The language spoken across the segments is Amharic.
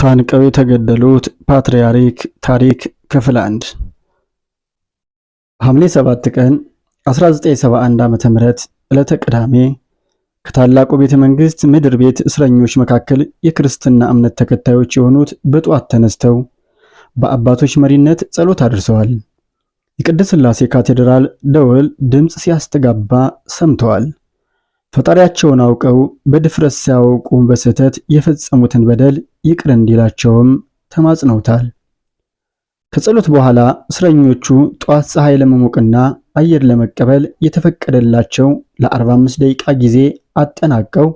ታንቀው የተገደሉት ፓትርያርክ ታሪክ ክፍል 1 ሐምሌ 7 ቀን 1971 ዓ.ም ዕለተ ቅዳሜ ከታላቁ ቤተ መንግሥት ምድር ቤት እስረኞች መካከል የክርስትና እምነት ተከታዮች የሆኑት በጠዋት ተነስተው በአባቶች መሪነት ጸሎት አድርሰዋል። የቅድስት ሥላሴ ካቴድራል ደወል ድምፅ ሲያስተጋባ ሰምተዋል። ፈጣሪያቸውን አውቀው በድፍረት ሲያውቁ በስህተት የፈጸሙትን በደል ይቅር እንዲላቸውም ተማጽነውታል። ከጸሎት በኋላ እስረኞቹ ጠዋት ፀሐይ ለመሞቅና አየር ለመቀበል የተፈቀደላቸው ለ45 ደቂቃ ጊዜ አጠናቀው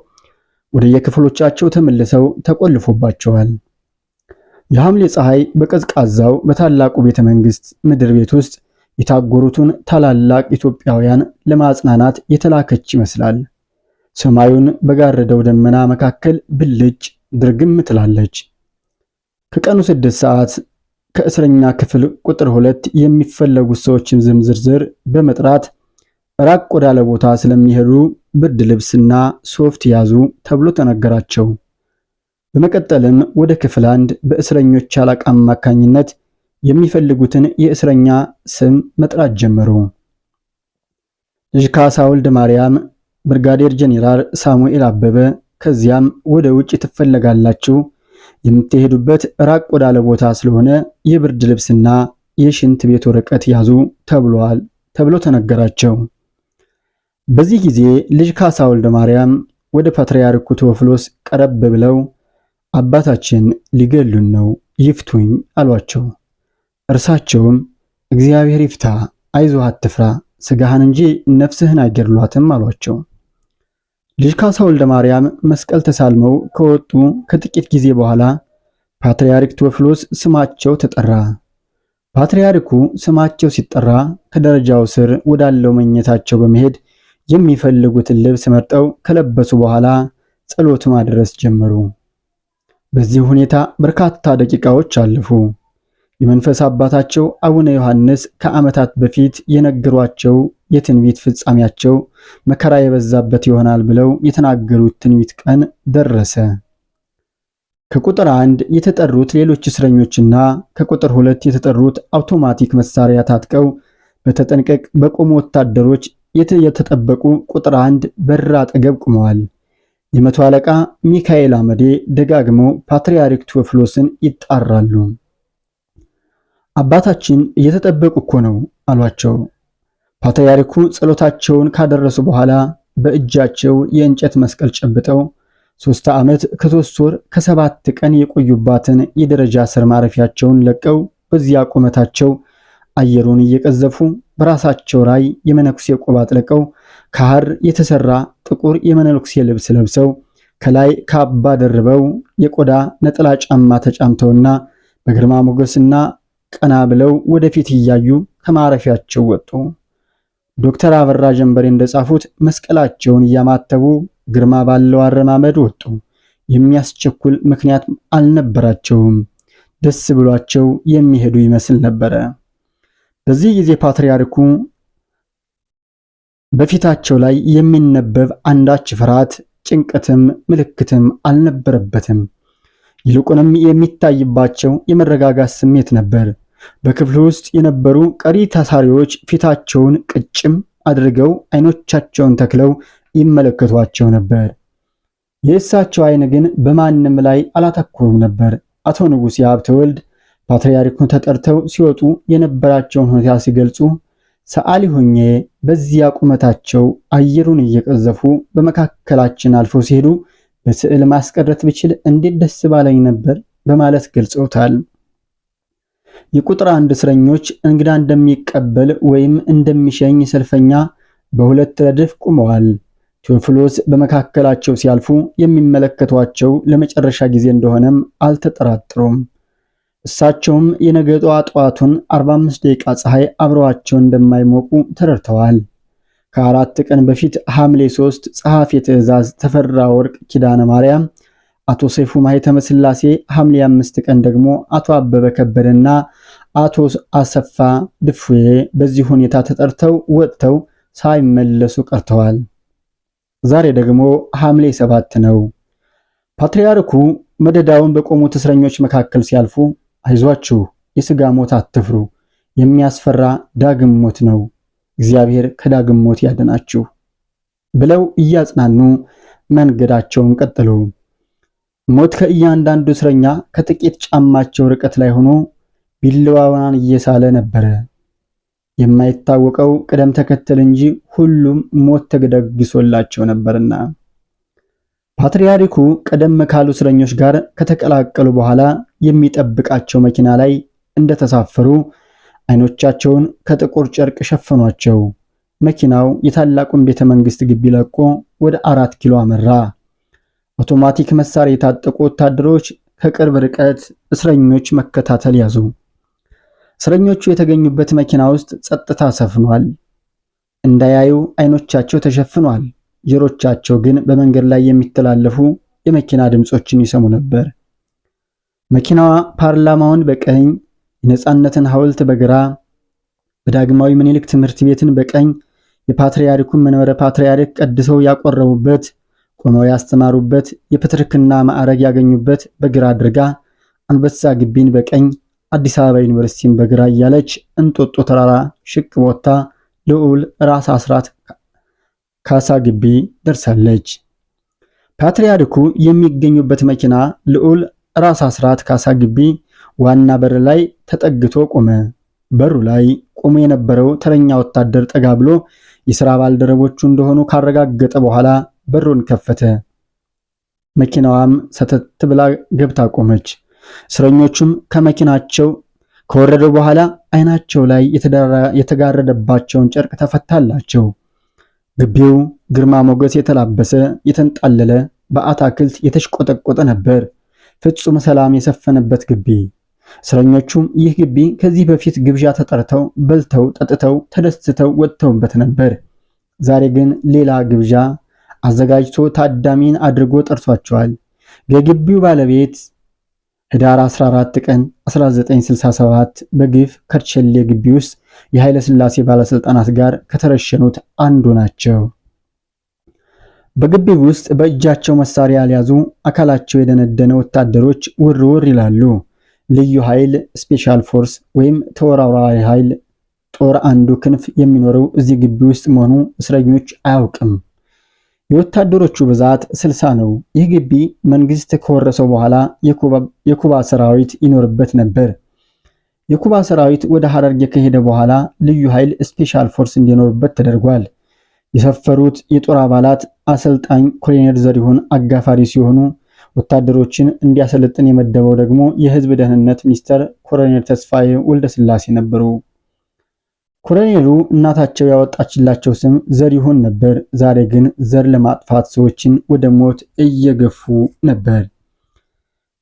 ወደ የክፍሎቻቸው ተመልሰው ተቆልፎባቸዋል። የሐምሌ ፀሐይ በቀዝቃዛው በታላቁ ቤተ መንግሥት ምድር ቤት ውስጥ የታጎሩትን ታላላቅ ኢትዮጵያውያን ለማጽናናት የተላከች ይመስላል። ሰማዩን በጋረደው ደመና መካከል ብልጭ ድርግም ትላለች። ከቀኑ ስድስት ሰዓት ከእስረኛ ክፍል ቁጥር ሁለት የሚፈለጉት ሰዎችን ስም ዝርዝር በመጥራት ራቅ ወዳለ ቦታ ስለሚሄዱ ብርድ ልብስና ሶፍት ያዙ ተብሎ ተነገራቸው። በመቀጠልም ወደ ክፍል አንድ በእስረኞች አለቃ አማካኝነት የሚፈልጉትን የእስረኛ ስም መጥራት ጀመሩ። ልጅ ካሳ ወልደ ማርያም ብርጋዴር ጄኔራል ሳሙኤል አበበ ከዚያም ወደ ውጭ ትፈለጋላችሁ፣ የምትሄዱበት ራቅ ወዳለ ቦታ ስለሆነ የብርድ ልብስና የሽንት ቤት ወረቀት ያዙ ተብሏል ተብሎ ተነገራቸው። በዚህ ጊዜ ልጅ ካሳ ወልደ ማርያም ወደ ፓትርያርኩ ቴዎፍሎስ ቀረብ ብለው አባታችን ሊገሉን ነው ይፍቱኝ አሏቸው። እርሳቸውም እግዚአብሔር ይፍታ፣ አይዞህ አትፍራ፣ ስጋህን እንጂ ነፍስህን አይገድሏትም አሏቸው። ልጅ ካሳ ወልደ ማርያም መስቀል ተሳልመው ከወጡ ከጥቂት ጊዜ በኋላ ፓትርያርክ ቴዎፍሎስ ስማቸው ተጠራ። ፓትርያርኩ ስማቸው ሲጠራ ከደረጃው ስር ወዳለው መኝታቸው በመሄድ የሚፈልጉትን ልብስ መርጠው ከለበሱ በኋላ ጸሎት ማድረስ ጀመሩ። በዚህ ሁኔታ በርካታ ደቂቃዎች አለፉ። የመንፈስ አባታቸው አቡነ ዮሐንስ ከዓመታት በፊት የነገሯቸው የትንቢት ፍጻሜያቸው መከራ የበዛበት ይሆናል ብለው የተናገሩት ትንቢት ቀን ደረሰ። ከቁጥር አንድ የተጠሩት ሌሎች እስረኞችና ከቁጥር ሁለት የተጠሩት አውቶማቲክ መሳሪያ ታጥቀው በተጠንቀቅ በቆሙ ወታደሮች የተጠበቁ ቁጥር አንድ በር አጠገብ ቆመዋል። የመቶ አለቃ ሚካኤል አመዴ ደጋግመው ፓትርያርክ ቴዎፍሎስን ይጣራሉ። አባታችን እየተጠበቁ እኮ ነው አሏቸው። ፓትርያርኩ ጸሎታቸውን ካደረሱ በኋላ በእጃቸው የእንጨት መስቀል ጨብጠው ሶስት ዓመት ከሶስት ወር ከሰባት ቀን የቆዩባትን የደረጃ ስር ማረፊያቸውን ለቀው በዚያ ቁመታቸው አየሩን እየቀዘፉ በራሳቸው ላይ የመነኩሴ ቆብ አጥልቀው ከሐር የተሰራ ጥቁር የመነኩሴ ልብስ ለብሰው ከላይ ካባ ደርበው የቆዳ ነጠላ ጫማ ተጫምተውና በግርማ ሞገስና ቀና ብለው ወደፊት እያዩ ከማረፊያቸው ወጡ። ዶክተር አበራ ጀንበሬ እንደጻፉት መስቀላቸውን እያማተቡ ግርማ ባለው አረማመድ ወጡ። የሚያስቸኩል ምክንያት አልነበራቸውም። ደስ ብሏቸው የሚሄዱ ይመስል ነበረ። በዚህ ጊዜ ፓትርያርኩ በፊታቸው ላይ የሚነበብ አንዳች ፍርሃት፣ ጭንቀትም ምልክትም አልነበረበትም። ይልቁንም የሚታይባቸው የመረጋጋት ስሜት ነበር። በክፍሉ ውስጥ የነበሩ ቀሪ ታሳሪዎች ፊታቸውን ቅጭም አድርገው አይኖቻቸውን ተክለው ይመለከቷቸው ነበር። የእሳቸው አይን ግን በማንም ላይ አላተኮሩም ነበር። አቶ ንጉሴ ሀብተወልድ ፓትርያርኩን ተጠርተው ሲወጡ የነበራቸውን ሁኔታ ሲገልጹ ሰዓሊ ሆኜ በዚያ ቁመታቸው አየሩን እየቀዘፉ በመካከላችን አልፈው ሲሄዱ በስዕል ማስቀረት ብችል እንዴት ደስ ባለኝ ነበር በማለት ገልጸውታል። የቁጥር አንድ እስረኞች እንግዳ እንደሚቀበል ወይም እንደሚሸኝ ሰልፈኛ በሁለት ረድፍ ቆመዋል። ቴዎፍሎስ በመካከላቸው ሲያልፉ የሚመለከቷቸው ለመጨረሻ ጊዜ እንደሆነም አልተጠራጥሩም። እሳቸውም የነገ ጠዋቱን 45 ደቂቃ ፀሐይ አብረዋቸው እንደማይሞቁ ተረድተዋል። ከአራት ቀን በፊት ሐምሌ 3 ጸሐፊ ትእዛዝ ተፈራ ወርቅ ኪዳነ ማርያም አቶ ሰይፉ ማኅተመ ሥላሴ ሐምሌ አምስት ቀን ደግሞ አቶ አበበ ከበደና አቶ አሰፋ ድፍዬ በዚህ ሁኔታ ተጠርተው ወጥተው ሳይመለሱ ቀርተዋል። ዛሬ ደግሞ ሐምሌ ሰባት ነው። ፓትርያርኩ መደዳውን በቆሙት እስረኞች መካከል ሲያልፉ አይዟችሁ፣ የሥጋ ሞት አትፍሩ፣ የሚያስፈራ ዳግም ሞት ነው፣ እግዚአብሔር ከዳግም ሞት ያድናችሁ ብለው እያጽናኑ መንገዳቸውን ቀጥሉ። ሞት ከእያንዳንዱ እስረኛ ከጥቂት ጫማቸው ርቀት ላይ ሆኖ ቢላዋውን እየሳለ ነበረ። የማይታወቀው ቅደም ተከተል እንጂ ሁሉም ሞት ተገደግሶላቸው ነበርና። ፓትርያርኩ ቀደም ካሉ እስረኞች ጋር ከተቀላቀሉ በኋላ የሚጠብቃቸው መኪና ላይ እንደተሳፈሩ አይኖቻቸውን ከጥቁር ጨርቅ ሸፈኗቸው። መኪናው የታላቁን ቤተ መንግስት ግቢ ለቆ ወደ አራት ኪሎ አመራ። አውቶማቲክ መሳሪያ የታጠቁ ወታደሮች ከቅርብ ርቀት እስረኞች መከታተል ያዙ። እስረኞቹ የተገኙበት መኪና ውስጥ ጸጥታ ሰፍኗል። እንዳያዩ አይኖቻቸው ተሸፍኗል። ጆሮቻቸው ግን በመንገድ ላይ የሚተላለፉ የመኪና ድምፆችን ይሰሙ ነበር። መኪናዋ ፓርላማውን በቀኝ የነፃነትን ሐውልት በግራ በዳግማዊ ምኒልክ ትምህርት ቤትን በቀኝ የፓትርያርኩን መንበረ ፓትርያርክ ቀድሰው ያቆረቡበት ቆመው ያስተማሩበት የፕትርክና ማዕረግ ያገኙበት በግራ አድርጋ አንበሳ ግቢን በቀኝ አዲስ አበባ ዩኒቨርሲቲን በግራ እያለች እንጦጦ ተራራ ሽቅ ቦታ ልዑል ራስ አስራት ካሳ ግቢ ደርሳለች። ፓትርያርኩ የሚገኙበት መኪና ልዑል ራስ አስራት ካሳ ግቢ ዋና በር ላይ ተጠግቶ ቆመ። በሩ ላይ ቆሞ የነበረው ተረኛ ወታደር ጠጋ ብሎ የሥራ ባልደረቦቹ እንደሆኑ ካረጋገጠ በኋላ በሩን ከፈተ። መኪናዋም ሰተት ብላ ገብታ ቆመች። እስረኞቹም ከመኪናቸው ከወረደ በኋላ አይናቸው ላይ የተጋረደባቸውን ጨርቅ ተፈታላቸው። ግቢው ግርማ ሞገስ የተላበሰ የተንጣለለ በአታክልት የተሽቆጠቆጠ ነበር። ፍጹም ሰላም የሰፈነበት ግቢ። እስረኞቹም ይህ ግቢ ከዚህ በፊት ግብዣ ተጠርተው በልተው ጠጥተው ተደስተው ወጥተውበት ነበር። ዛሬ ግን ሌላ ግብዣ አዘጋጅቶ ታዳሚን አድርጎ ጠርቷቸዋል። የግቢው ባለቤት ህዳር 14 ቀን 1967 በግፍ ከርቸሌ ግቢ ውስጥ የኃይለ ሥላሴ ባለስልጣናት ጋር ከተረሸኑት አንዱ ናቸው። በግቢው ውስጥ በእጃቸው መሳሪያ ያልያዙ አካላቸው የደነደነ ወታደሮች ውርውር ይላሉ። ልዩ ኃይል ስፔሻል ፎርስ ወይም ተወራራዊ ኃይል ጦር አንዱ ክንፍ የሚኖረው እዚህ ግቢ ውስጥ መሆኑ እስረኞች አያውቅም። የወታደሮቹ ብዛት 60 ነው። ይህ ግቢ መንግስት ከወረሰው በኋላ የኩባ ሰራዊት ይኖርበት ነበር። የኩባ ሰራዊት ወደ ሐረርጌ ከሄደ በኋላ ልዩ ኃይል ስፔሻል ፎርስ እንዲኖርበት ተደርጓል። የሰፈሩት የጦር አባላት አሰልጣኝ ኮሎኔል ዘሪሁን አጋፋሪ ሲሆኑ ወታደሮችን እንዲያሰለጥን የመደበው ደግሞ የህዝብ ደህንነት ሚኒስተር ኮሎኔል ተስፋዬ ወልደስላሴ ነበሩ። ኮሎኔሉ እናታቸው ያወጣችላቸው ስም ዘሪሁን ነበር። ዛሬ ግን ዘር ለማጥፋት ሰዎችን ወደ ሞት እየገፉ ነበር።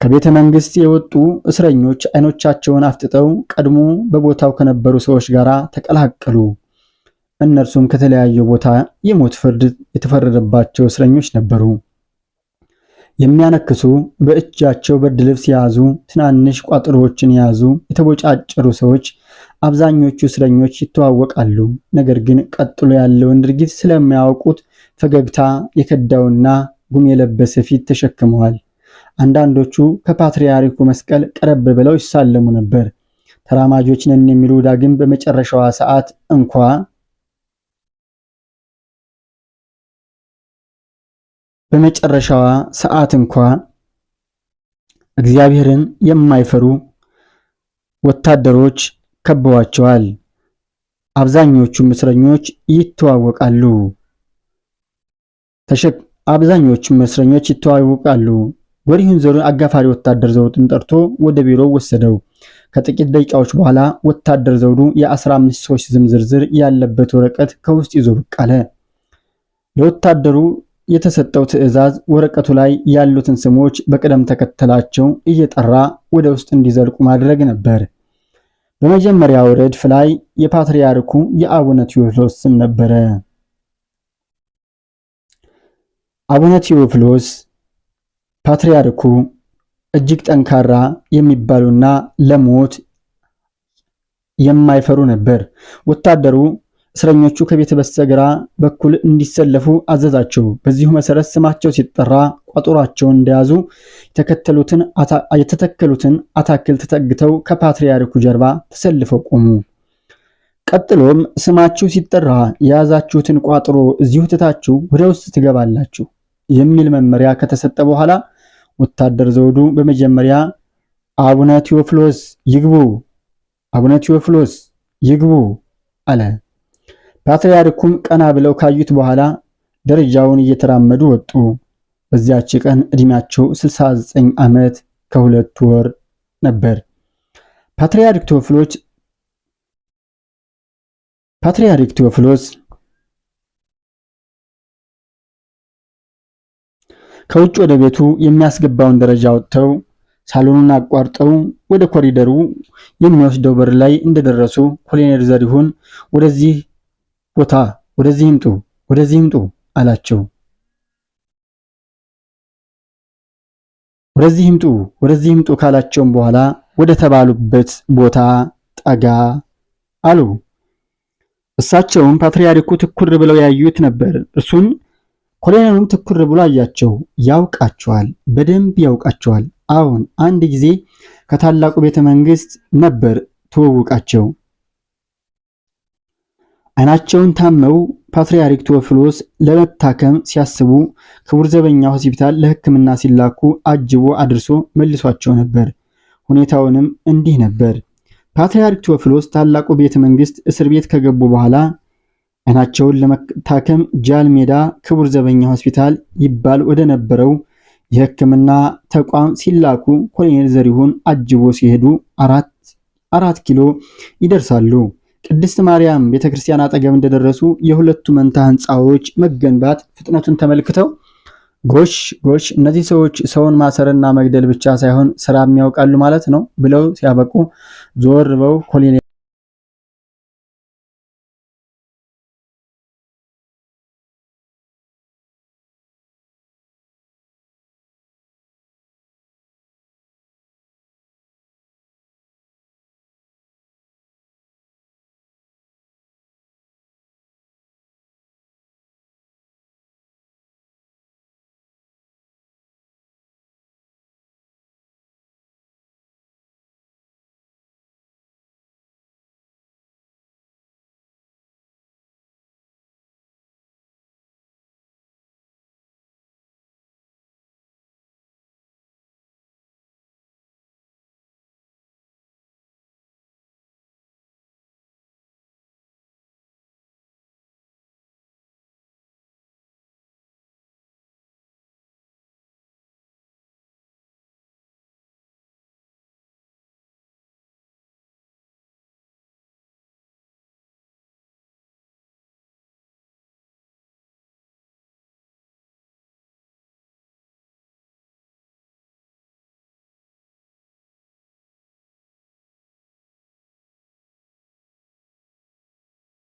ከቤተ መንግስት የወጡ እስረኞች አይኖቻቸውን አፍጥጠው ቀድሞ በቦታው ከነበሩ ሰዎች ጋር ተቀላቀሉ። እነርሱም ከተለያየ ቦታ የሞት ፍርድ የተፈረደባቸው እስረኞች ነበሩ። የሚያነክሱ፣ በእጃቸው ብርድ ልብስ የያዙ፣ ትናንሽ ቋጥሮዎችን የያዙ የተቦጫጨሩ ሰዎች አብዛኞቹ እስረኞች ይተዋወቃሉ። ነገር ግን ቀጥሎ ያለውን ድርጊት ስለማያውቁት ፈገግታ የከዳውና ጉም የለበሰ ፊት ተሸክመዋል። አንዳንዶቹ ከፓትርያርኩ መስቀል ቀረብ ብለው ይሳለሙ ነበር። ተራማጆች ነን የሚሉ ዳግም በመጨረሻዋ ሰዓት እንኳ በመጨረሻዋ ሰዓት እንኳ እግዚአብሔርን የማይፈሩ ወታደሮች ከበዋቸዋል። አብዛኞቹም እስረኞች ይተዋወቃሉ። አብዛኞቹም እስረኞች ይተዋወቃሉ። ወዲሁን ዘሩ አጋፋሪ ወታደር ዘውድን ጠርቶ ወደ ቢሮው ወሰደው። ከጥቂት ደቂቃዎች በኋላ ወታደር ዘውዱ የ15 ሰዎች ስም ዝርዝር ያለበት ወረቀት ከውስጥ ይዞ ብቅ አለ። ለወታደሩ የተሰጠው ትዕዛዝ ወረቀቱ ላይ ያሉትን ስሞች በቅደም ተከተላቸው እየጠራ ወደ ውስጥ እንዲዘልቁ ማድረግ ነበር። በመጀመሪያው ረድፍ ላይ የፓትርያርኩ የአቡነ ቴዎፍሎስ ስም ነበረ። አቡነ ቴዎፍሎስ ፓትርያርኩ እጅግ ጠንካራ የሚባሉና ለሞት የማይፈሩ ነበር። ወታደሩ እስረኞቹ ከቤተ በስተግራ በኩል እንዲሰለፉ አዘዛቸው። በዚሁ መሰረት ስማቸው ሲጠራ ቋጠሯቸውን እንደያዙ የተተከሉትን አታክልት ተጠግተው ከፓትርያርኩ ጀርባ ተሰልፈው ቆሙ። ቀጥሎም ስማችሁ ሲጠራ የያዛችሁትን ቋጥሮ እዚሁ ትታችሁ ወደ ውስጥ ትገባላችሁ የሚል መመሪያ ከተሰጠ በኋላ ወታደር ዘውዱ በመጀመሪያ አቡነ ቴዎፍሎስ ይግቡ፣ አቡነ ቴዎፍሎስ ይግቡ አለ። ፓትርያርኩም ቀና ብለው ካዩት በኋላ ደረጃውን እየተራመዱ ወጡ። በዚያች ቀን ዕድሜያቸው 69 ዓመት ከሁለት ወር ነበር። ፓትርያርክ ቴዎፍሎስ ፓትርያርክ ቴዎፍሎስ ከውጭ ወደ ቤቱ የሚያስገባውን ደረጃ ወጥተው ሳሎኑን አቋርጠው ወደ ኮሪደሩ የሚወስደው በር ላይ እንደደረሱ ኮሎኔል ዘሪሁን ወደዚህ ቦታ ወደዚህ ይምጡ፣ ወደዚህ ይምጡ አላቸው። ወደዚህ ይምጡ ወደዚህ ይምጡ ካላቸውም በኋላ ወደ ተባሉበት ቦታ ጠጋ አሉ። እሳቸውም ፓትርያርኩ ትኩር ብለው ያዩት ነበር። እርሱን ኮሎኔሉም ትኩር ብሎ አያቸው። ያውቃቸዋል፣ በደንብ ያውቃቸዋል። አሁን አንድ ጊዜ ከታላቁ ቤተ መንግስት ነበር ትውውቃቸው። አይናቸውን ታመው ፓትርያርክ ቴዎፍሎስ ለመታከም ሲያስቡ ክቡር ዘበኛ ሆስፒታል ለሕክምና ሲላኩ አጅቦ አድርሶ መልሷቸው ነበር። ሁኔታውንም እንዲህ ነበር። ፓትርያርክ ቴዎፍሎስ ታላቁ ቤተ መንግስት እስር ቤት ከገቡ በኋላ አይናቸውን ለመታከም ጃል ሜዳ ክቡር ዘበኛ ሆስፒታል ይባል ወደ ነበረው የሕክምና ተቋም ሲላኩ ኮሎኔል ዘሪሁን አጅቦ ሲሄዱ አራት ኪሎ ይደርሳሉ። ቅድስት ማርያም ቤተክርስቲያን አጠገብ እንደደረሱ የሁለቱ መንታ ህንፃዎች መገንባት ፍጥነቱን ተመልክተው ጎሽ ጎሽ፣ እነዚህ ሰዎች ሰውን ማሰርና መግደል ብቻ ሳይሆን ስራም ያውቃሉ ማለት ነው ብለው ሲያበቁ ዞር ብለው